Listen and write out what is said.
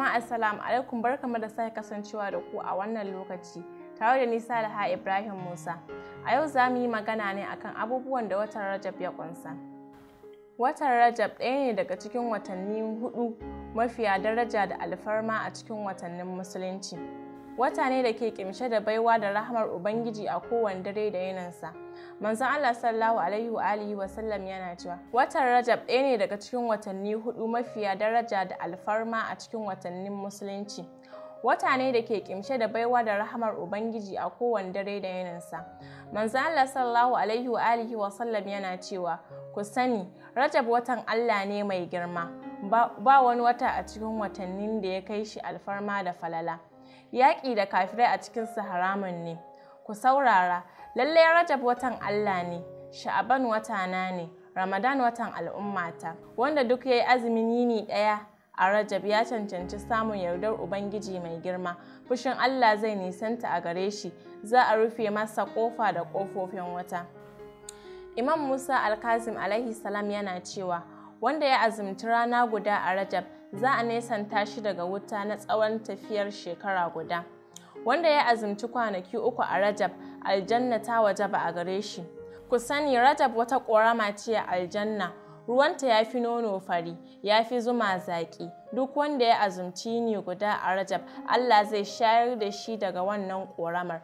Jama'a assalamu alaikum barkamu da sake kasancewa da ku a wannan lokaci tare da nisa da ha Ibrahim Musa. A yau za mu yi magana ne akan abubuwan da watan Rajab ya kunsa. Watan Rajab ɗaya ne daga cikin watanni hudu mafiya daraja da alfarma a cikin watannin Musulunci. wata ne da ke kimshe da baiwa da rahamar ubangiji a kowane dare da yanansa, manzon allah sallallahu alaihi wa alihi wa sallam yana cewa watan rajab ɗaya ne daga cikin watanni hudu mafiya daraja da alfarma a cikin watannin musulunci wata ne da ke kimshe da baiwa da rahamar ubangiji a kowane dare da yanansa, manzon allah sallallahu alaihi wa alihi wa sallam yana cewa ku sani rajab watan allah ne mai girma ba wani wata a cikin watannin da ya kai shi alfarma da falala yaƙi da kafirai a cikin su haramun ne ku saurara lallai rajab watan allah ne sha'aban watana ne ramadan watan al'ummata wanda duk ya yi azumin yini ɗaya a rajab ya cancanci samun yardar ubangiji mai girma fushin allah zai nisanta a gare shi za a rufe masa ƙofa da ƙofofin wata imam musa alkazim alaihi salam yana cewa wanda ya azumci rana guda a rajab za a nesanta shi daga wuta na tsawon tafiyar shekara guda wanda ya azumci kwanaki uku a rajab aljanna ta waje ba a gare shi ku sani rajab wata ƙorama ce a aljanna ruwanta ya fi nono fari ya fi zuma zaƙi duk wanda ya azumci ne guda a rajab allah zai shayar da shi daga wannan ƙoramar